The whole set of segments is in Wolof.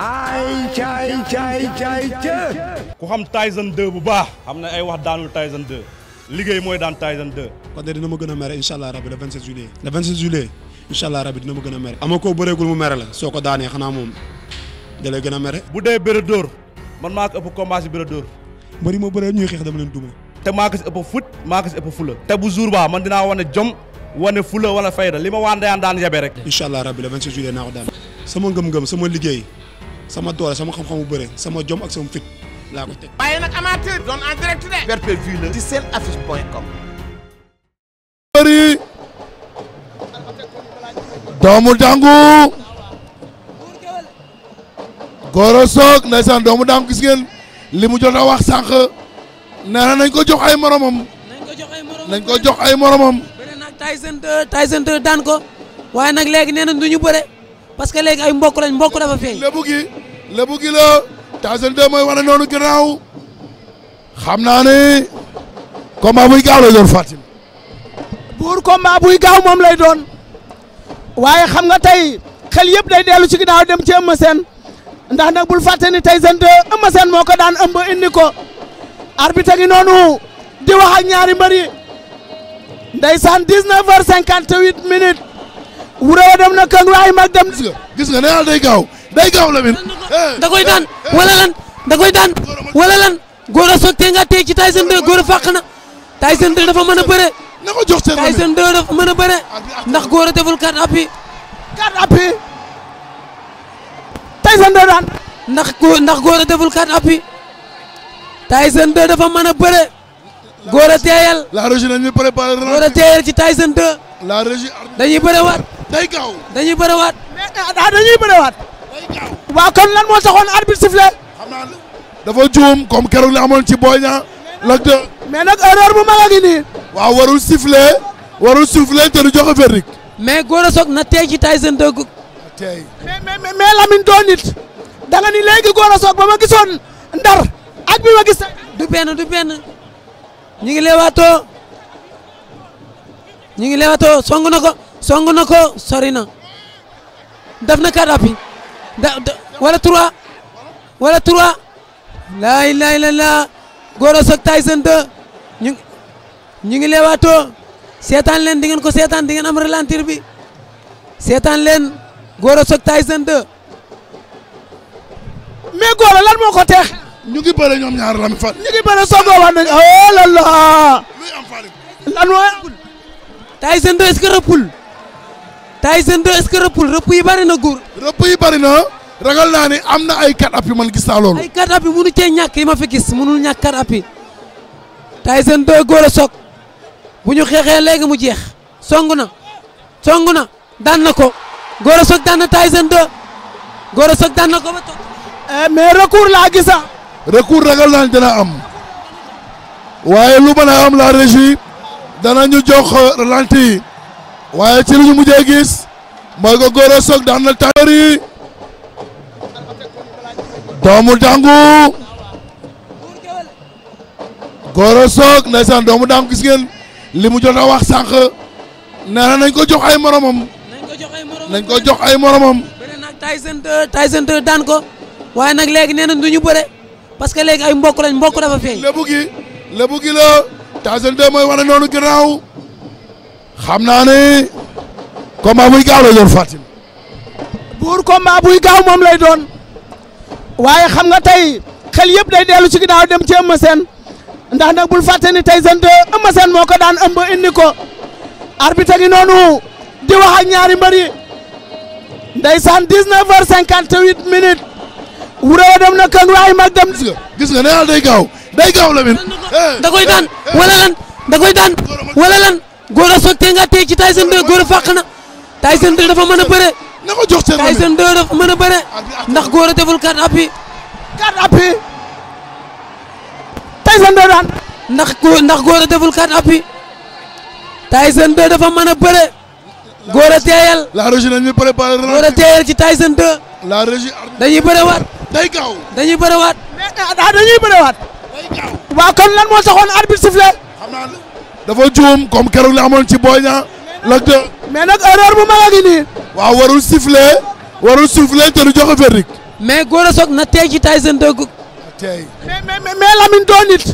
ay caay caay caay caay ku xam Tyson 2 bu baax xam na ay wax daanul Tyson 2 liggéey mooy daan Tyson 2 kon de dina ma gën a mere incha allah rabi le 27 juillet le 27 juillet incha allah rabi dina ma gën a mere ama koo bëreegul mu mere la soo ko daanee xanaa moom da lay gën a mere bu dee bëre dóor man maa ko ëpp combat si bëre dóor mbëri ma bëree ñuy xeex dama leen duma te maa ko si ëpp fut maa si ëpp fula te bu jour ba man dinaa wane jom wane fula wala fayda li ma waan dayaan daan yabe rek incha allah rabi le 27 juillet sama ngëm sama liggéey sama doole sama xam-xamu bëre sama jom ak sama fit laa teg. waaye nag amateur doon en direct de. pay-per-view la ci seen affiche point com. bëri. doomu dangu. Gora Sock ndeysaan doomu dangu gis li mu jot a wax sànq nee na nañ ko jox ay moromam. nañ ko jox ay moromam nañ ko jox ay moromam. bëri nag Tyson 2 Tyson 2 daan ko waaye nag léegi nee nañ du ñu bëre parce que léegi ay mbokk lañ mbokk dafa feeñ. Lebu gi la Tyson 2 mooy wane noonu ginnaaw xam naa ne combat buy gaaw lay doon Fatim buur combat buy gaaw moom lay doon waaye xam nga tey xel yëpp day dellu ci dem ci Eumeu Sène ndax nag bul fàtte ni Tyson 2 Eumeu Sène moo ko daan ëmb indi ko arbitre gi noonu di wax ak ñaari mbër yi ndeysaan 19 heures 58 minutes wuroo dem na këng waay mag dem gis nga gis nga day gaaw day gaaw la min da koy daan wala lan da koy daan wala lan góor a soog tee nga tee ci Tyson 2 góor a fàq na Tyson 2 dafa mën a bëre. na jox seen Tyson mën a bëre ndax góor a deful carte appui. carte appui. Tyson 2 daan. ndax góor ndax góor a deful carte appui. Tyson 2 dafa mën a bëre. góor a teeyal. la régie ci Tyson 2. dañuy bëre waat. day dañuy bëre waaw kon lan moo taxoon arbitre sifflé. xam naa dafa juum comme keroog li amoon ci Boy Niang Lac de. mais nag erreur ngi nii. waaw warul sifflé warul sifflé te du joxe verdict. mais góor a soog na tey ci Tyson dëgg. tey mais mais ni léegi góor a soog ba ma gisoon ndar ak bi ma gis. du benn du benn ñu ngi leewaatoo ñu ngi leewaatoo song ko song na na def da wala trois wala trois laa ilaaha illallaah Gora Sock Tyson 2 ñu ñu ngi leewaatoo seetaan leen di ngeen ko seetaan di ngeen am ralentir bi seetaan leen Gora Sock Tyson 2 mais Gora lan moo ko teex ñu ngi bëre ñoom ñaar lam fa ñu ngi bëre soogoo wax la oh la lan mooy Tyson 2 est-ce que Tyson 2 est rëppul rëpp yi bari na góor. rëpp yi bari na ragal naa ni am na ay quatre appuis man gis naa loolu. ay quatre appuis munu cee ñàkk yi ma fi gis munul ñàkk quatre appuis Tyson 2 góor a soog bu ñu xeexee léegi mu jeex song na song na daan na ko góor a soog daan na Tyson 2 góor a soog daan na ko ba toog. Eh, mais recours laa gisa recours ragal naa dina am waaye lu mën a am la régie danañu jox ralenti waaye ci li ñu gis mooy ko Gora Sock daan na tailleur yi doomu dangu Gora na ndeysaan doomu dangu gis li mu jot a wax sànq nee na nañ ko jox ay moromam nañ ko jox ay moromam bëre nag Tyson 2 Tyson 2 daan ko waaye nag léegi nee nañ du ñu bëre parce que léegi ay mbokk lañ mbokk dafa feeñ lébu gi lébu gi la Tyson 2 mooy wane noonu ginnaaw xam naa ne combat buy gaaw lay doon Fatim buur combat buy gaaw moom lay doon waaye xam nga tey xel yëpp day dellu ci ginnaaw dem ci Eumeu Sène ndax nag bul fàtte ni tey sante Eumeu Sène moo ko daan ëmb indi ko arbitre gi noonu di wax ak ñaari mbër yi ndeysaan 19 heures 58 minutes Wuroo dem na kën waay mag dem gis nga gis nga day gaaw day gaaw la min da koy daan wala lan da koy daan góor a sottee nga tey ci Tyson 2 góor a fàq na Tyson 2 dafa mën a bëre. na ko jox seen Tyson 2 mën a bëre. ndax góor deful carte appui. carte appui. Tyson 2 daan. ndax góor ndax góor a deful carte appui. Tyson 2 dafa mën a bëre. góor a teeyal. la régie nañu ci Tyson 2. dañuy bërewaat. day gaaw dañuy bërewaat. mais dañuy bërewaat. day lan moo taxoon arbitre sifflé. xam dafa juum comme keroog li amoon ci Boy Niang de mais nag erreur bu mag a ngi nii waaw warul siffler warul siffler te du joxe verdict mais Gora na tey ci Tyson dëgg tey mais mais mais Lamine doo nit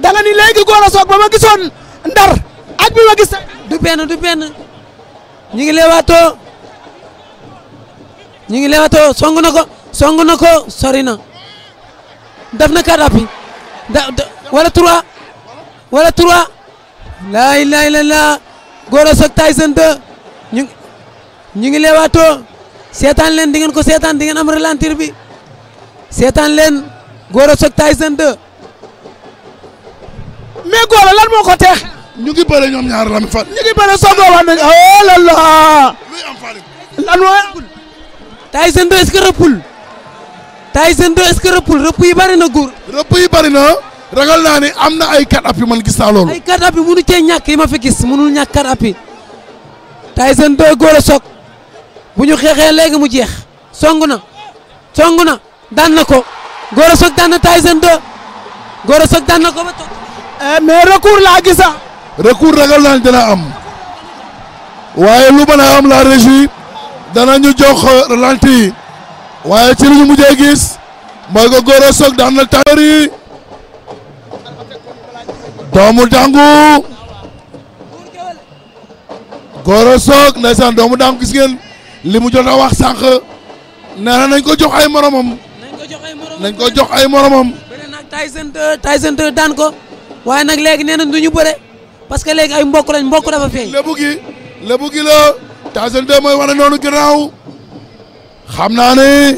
da nga ba ma gisoon ndar ak bi ma du benn du benn ñu ngi leewaatoo ñu ngi leewaatoo song na ko song daf na kàddaa bi da wala trois wala trois laa ilaaha illallaah Gora Sock Tyson 2 ñu ñu ngi leewaatoo seetaan leen di ngeen ko seetaan di ngeen am ralentir bi seetaan leen Gora Sock Tyson 2 mais Gora lan moo ko teex ñu ngi bëre ñoom ñaar lam fa ñu ngi bëre soogoo wax nañu oh la la lan mooy Tyson 2 est-ce que rëppul Tyson 2 est-ce bari na góor rëpp bari na ragal naa am na ay kat appi man gis naa loolu. ay kat appi munu cee ñàkk yi ma fi gis munul ñàkk kat appi Tyson doy góor a bu ñu xeexee léegi mu jeex songu na song na daan ko góor a soog daan na Tyson doy góor ko ba toog. Eh, mais recours laa gisa recours ragal naa dina am waaye lu mën a am la régie danañu jox euh, ralenti waaye ci li ñu gis mooy ko góor a soog daan na taari doomu dangu Gora Sock ndeysaan doomu dangu gis ngeen li mu jot a wax sànq na nañ ko jox ay moromam. nañ jox ay moromam nañ ko jox ay moromam. beneen nag Tyson 2 Tyson daan ko waaye nag léegi nee nañ du ñu bëre parce que léegi ay mbokk lañ mbokk dafa feeñ. lébu gi lébu gi la Tyson 2 mooy wane noonu ginnaaw xam naa ne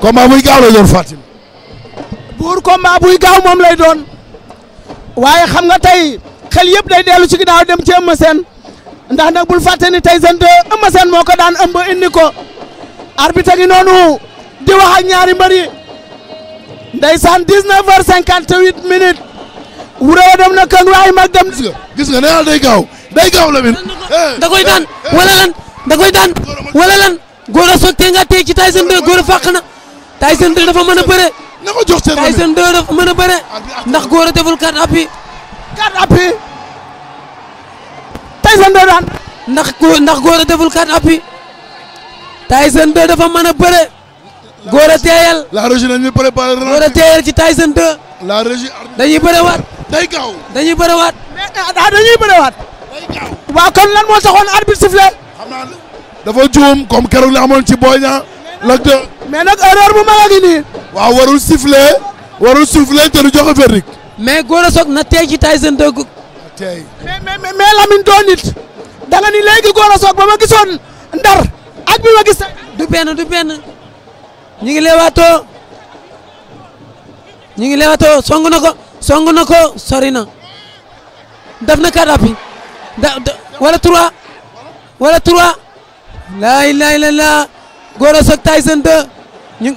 combat buy gaaw la yor Fatim. buur combat buy gaaw moom lay doon. waaye xam nga tey xel yëpp day dellu ci ginnaaw dem ci Eumeu sen ndax nag bul fàtte ni tey seen Eumeu Sène moo ko daan ëmb indi ko arbitre ngi noonu di wax ak ñaari mbër yi ndeysaan 19 heures 58 minutes Wuroo dem na Këng waaye mag dem. gis naa day gaaw day gaaw la. Eh. koy daan wala lan da koy daan wala lan góor a nga tey ci Tyson 2 góor a fàq na Tyson 2 dafa mën na ko jox seen. Tyson 2 dafa mën a bëre. Ah, ndax góor deful quatre appuis. quatre appuis. Tyson 2 daan. ndax góor ndax góor deful quatre appuis. Tyson 2 dafa mën a bëre. góor a teeyal. la régie dañuy préparé. góor a teeyal ci Tyson 2. la régie. dañuy bërewaat. day gaaw dañuy bërewaat. mais ah, ah, dañuy bërewaat. day gaaw waaw kon lan moo taxoon arbitre sifflé. xam naa dafa juum comme keroog la amoon ci Boy Niang. Lac de. mais nag erreur bu mag a ngi nii. waaw warul siffler warul siffler te du joxe verdict. mais góor a soog na tey ci Tyson 2 gu. tey mais ni léegi góor a soog ba ma gisoon ndar ak bi ma gis. du benn du benn ñu ngi leewaatoo ñu ngi leewaatoo song na ko song na ko sori na na kàddaa wala trois wala trois. laa ilaaha illallaah. Gora Sock Tyson 2 ñu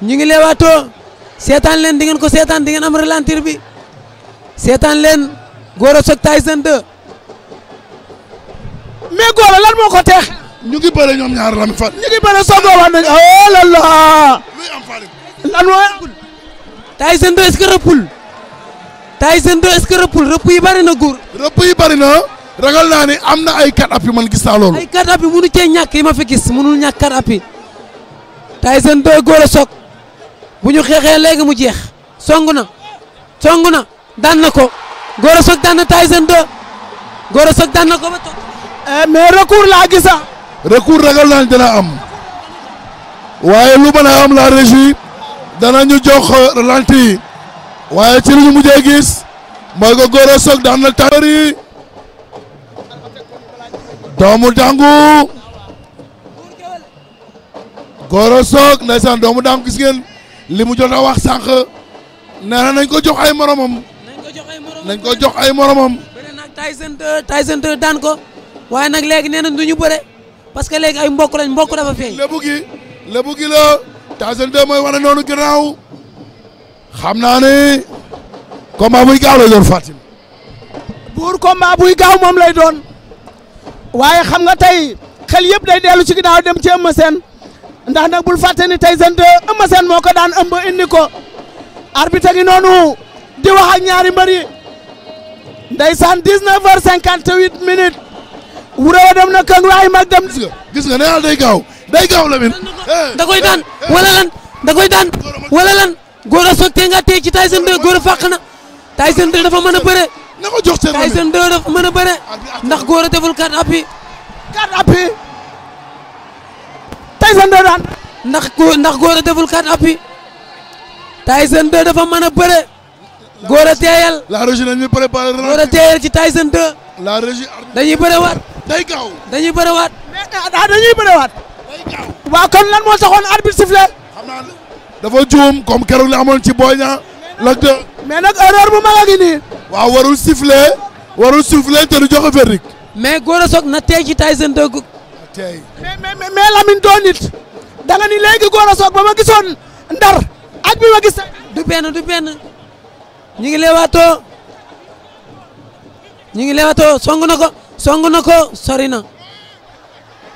ñu ngi leewaatoo seetaan leen di ngeen ko seetan di ngeen am ralentir bi seetaan leen Gora Sock Tyson 2 mais Gora lan moo ko teex ñu ngi bëre ñoom ñaar lam fa ñu ngi bëre soogoo wax nañu oh la la lan mooy Tyson 2 est-ce que rëppul Tyson 2 est-ce que rëppul bari na góor rëpp bari na ragal naa ne am na ay kat appi man gis naa loolu. ay kat appi munu cee ñàkk yi ma fi gis munul ñàkk kat appi Tyson doy góor a soog bu ñu xeexee léegi mu jeex songu na song na daan na ko góor a soog daan na Tyson doy góor a soog daan na ko ba toog. Eh, mais recours laa gisa ragal naa dina am waaye lu mën a am la régie danañu jox euh, ralenti waaye ci li ñu mujjee gis mooy ko góor a soog daan na doomu dangu Gora Sock ndeysaan doomu dangu gis ngeen li mu jot a wax sànq nee na nañ ko jox ay moromam nañ ko jox ay moromam Tyson 2 Tyson 2 ko waaye nag léegi nee nañ du ñu parce que léegi ay mbokk lañ mbokk dafa feeñ lébu gi lébu gi la Tyson 2 mooy wane noonu gannaaw xam naa ne combat buy gaaw lay doon Fatim buur combat buy gaaw moom lay doon waaye xam nga tey xel yëpp day dellu ci ginnaaw dem ci Eumeu Sène ndax nag bul fàtte ni tey seen Eumeu Sène moo ko daan ëmb indi ko arbitre gi noonu di wax ak ñaari mbër yi ndeysaan 19 heures 58 minutes Wurawa dem na Këng laay mag dem. gis nga gis nga ne yàlla day eh. koy daan wala lan koy daan wala lan góor a sottee nga tey ci Tyson 2 góor a fàq na Tyson na ko jox seen. Tyson 2 dafa a bëre. Ah, ndax góor a deful quatre appuis. quatre appuis. Tyson 2 daan. ndax góor ndax góor a deful quatre appuis. Tyson dafa mën a bëre. góor a teeyal. la régie dañuy préparé. ci Tyson 2. la régie dañuy bërewaat. day gaaw dañuy bërewaat. mais ah dañuy bërewaat. day gaaw waaw kon lan moo taxoon arbitre sifflé. xam naa dafa juum comme keroog li amoon ci Boy Niang. la mais nag erreur bu mag a nii. waaw warul siffler warul siffler te du joxe verdict mais Gora Sock na tey ci Tyson 2 tey mais mais mais Lamine doo nit da nga ba ma gisoon ndar ak bi ma gis du benn du benn ñu ngi leewaatoo ñu ngi leewaatoo song na ko song na ko sori na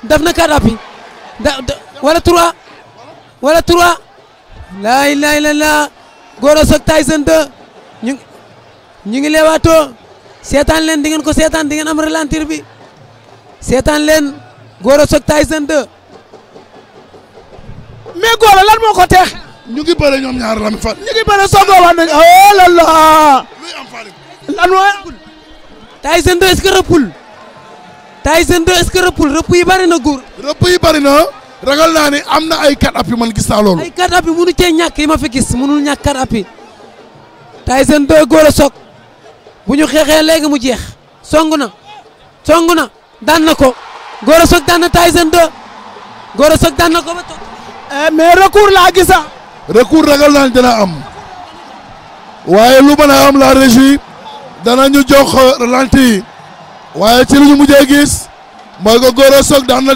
daf na quatre appuis da wala trois wala trois laa ilaaha illallaah Gora Sock Tyson 2 ñu ngi leewaatoo seetaan leen di ngeen ko seetaan di ngeen am ralentir bi seetaan leen Gora Sock Tyson 2 mais Gora lan moo ko teex ñu ngi bëre ñoom ñaar lam fa ñu ngi bëre soogoo wax nañ oh la la lan mooy Tyson 2 est-ce que rëppul Tyson 2 est-ce que rëppul rëpp yi bari na góor rëpp yi bari na ragal naa ni am na ay kat appi man gis naa loolu ay kat appi munu cee ñàkk yi ma fi gis munul ñàkk kat appi Tyson 2 Gora Sock bu ñu xeexee léegi mu jeex song na song na daan na ko Gora Sock daan na Tyson 2 Gora Sock daan na ko ba toog eh, mais recours laa gisa recours ragal naan dina am waaye lu mën am la régie danañu jox ralenti waaye ci lu ñu mujjee gis mooy ko Gora Sock daan na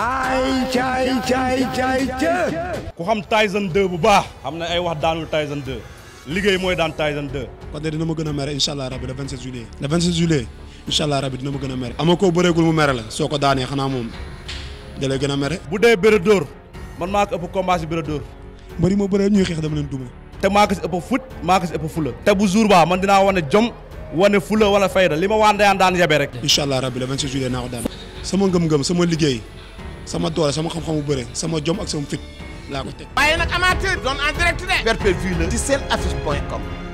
ay caay caay caay caay ku xam Tyson 2 bu baax xam na ay wax daanul Tyson 2 liggéey mooy daan Tyson 2 kon de dina ma gën a mere incha allah rabi le 27 juillet le 27 juillet incha allah rabi dina ma gën a mere ama koo bëreegul mu mere la soo ko daanee xanaa moom da lay gën a mere bu dee bëre dóor man maa ko ëpp combat si bëre dóor mbëri ma bëree ñuy xeex dama leen duma te maa ko si ëpp fut maa si ëpp fula te bu jour ba man dinaa wane jom wane fula wala fayda li ma waan dayaan daan yebe rek incha allah rabi le 27 juillet naa ko sama ngëm-ngëm sama liggéey sama doole sama xam-xamu bëre sama jom ak sama fit laa ko teg. waaye nag amateur doon en direct de. perpétué la ci seen point com.